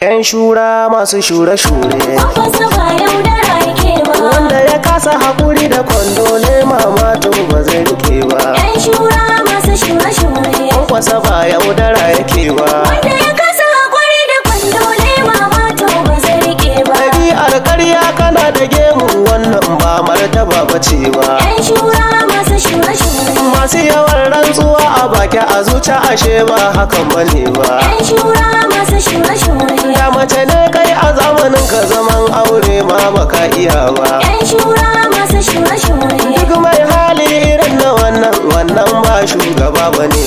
'Yan shura masu shure-shure. Wanda ya kasa haƙuri da kwando ne mamato ba zai rike ba. 'Yan shura masu shure-shure. ba yaudara yake ba. Wanda ya kasa hakuri da kwando ne ba zai ba. da gemun wannan ba martaba ba. 'Yan shura masu shure-shure. Masu yawa Ba baki a zuciya ashe ba hakan bane ba yan shura masu shura shure da mace ne kai a zamanin ka zaman aure ma baka iya ba yan shura masu shura shure duk mai hali irin na wannan wannan ba shugaba bane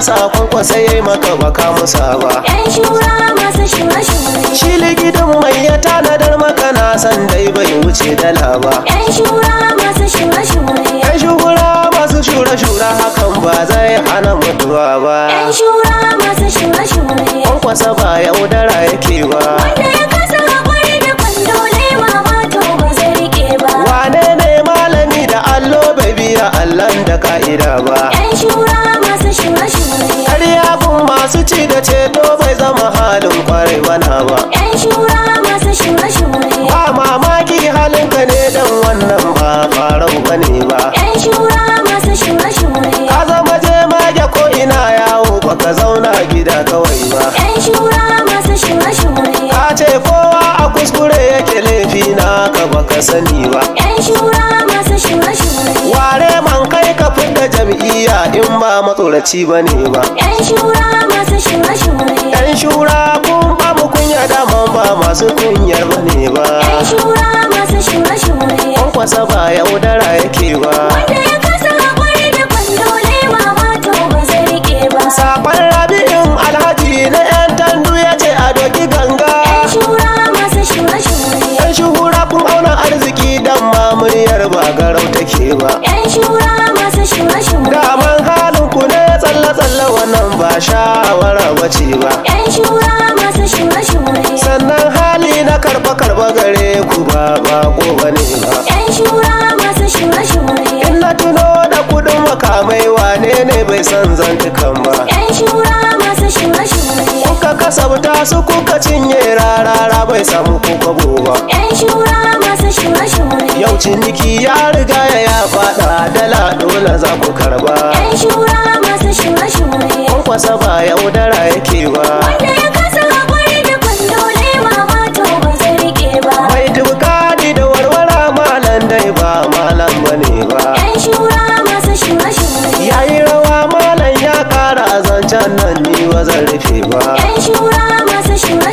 sa kwankwasa ya yi maka baka musa ba yan shura masu shura shura shi likitan mai ya tanadar maka na san dai bai wuce dala ba yan shura masu shura shura yan shura masu shura shura hakan ba zai hana mutuwa ba yan shura masu shura shura kwankwasa ba yaudara yake ba wanda ya kasa hakuri da kwando ba to ba zai ba malami da allo biya da ka'ida ba yan shura Sakaci da ceto bai zama halin kwarai mana ba. ‘Yan shura masu shure Ba mamaki halinka ne dan wannan ba farau ba ne ba. ‘Yan shura masu shure-shure. Ka zama je mage ko ina yawo ba ka zauna gida kawai ba. ‘Yan shura masu shure-shure. Ka ce kowa a kuskure yake laifi na ka baka sani ba. ‘Yan shura jam'iyya in ba matsoraci ba ne ba yan shura masu shure-shure yan shura kun ba mu kunya daman ba masu kunyar ba ne ba yan shura masu shure-shure kwankwasa ba yaudara yake ba wanda ya kasa haƙuri da kwandole ma wato ba zai rike ba sakon rabi'in alhaji na yan tandu ya ce a doki ganga yan shura masu shure-shure yan shura kun auna arziki dan ma muryar ba garau take ba yan shura masu shure-shure ba shawara bace ba yan shura masu shura-shura ne. sannan hali na karba karba gare ku ba bako bane ba yan shura masu shura-shura shure in na tuno da kudin makamai wane ne bai san zantukan ba yan shura masu shura-shura ne. kuka kasabta su kuka cinye rarara bai samu kuka ba yan shura masu shura-shura ne. yau ciniki ya riga ya faɗa dala dole za ku karba yan shura kwasa ba yaudara yake ba wanda ya kasa da kwandole ma wato rike ba mai dubkadi da warwara malam dai ba malam bane ba yan shura rawa malam ya kara zancen nan ni ba zan rufe ba yan shura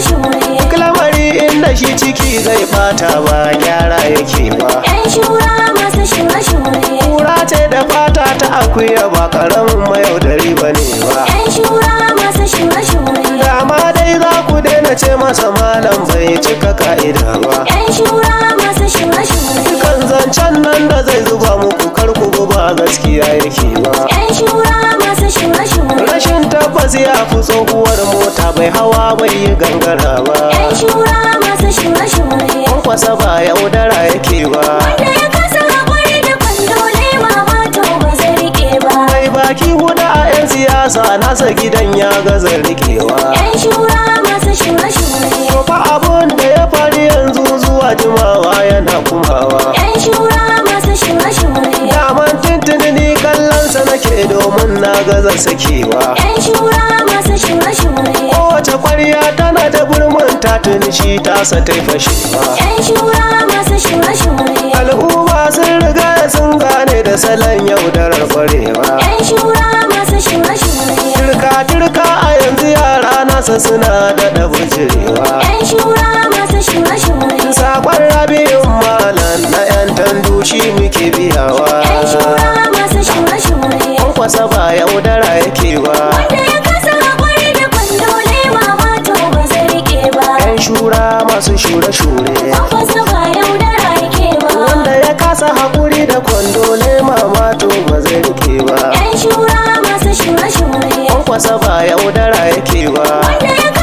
shi ciki zai bata ba gyara yake ba yan shura kura ce da fata ta akuya ba karamin mayaudari ba ce masa malam bai cika ka'ida ba yan shura masu shura shura kan zancen nan da zai zuba muku kar ku ba gaskiya yake ba yan shura masu shura shura rashin tabbas ya fi tsohuwar mota bai hawa bai yi gangara ba yan shura masu shura shura kwakwasa ba yaudara yake ba wanda ya da ba ba ba mai baki huda a 'yan siyasa nasa gidan ya gaza rikewa yan shura sakewa shura masu kowace kwarya tana da gurmin ta tuni shi tasa ta fashewa yan shura masu shure shure al'umma sun riga sun gane da salon yaudarar da yan shura turka turka a yanzu yara nasa suna da bujirewa yan shura masu shura shura da kwando ne mama to ba zai rike ba yan shura masu shura-shura kwasa ba yaudara yake ba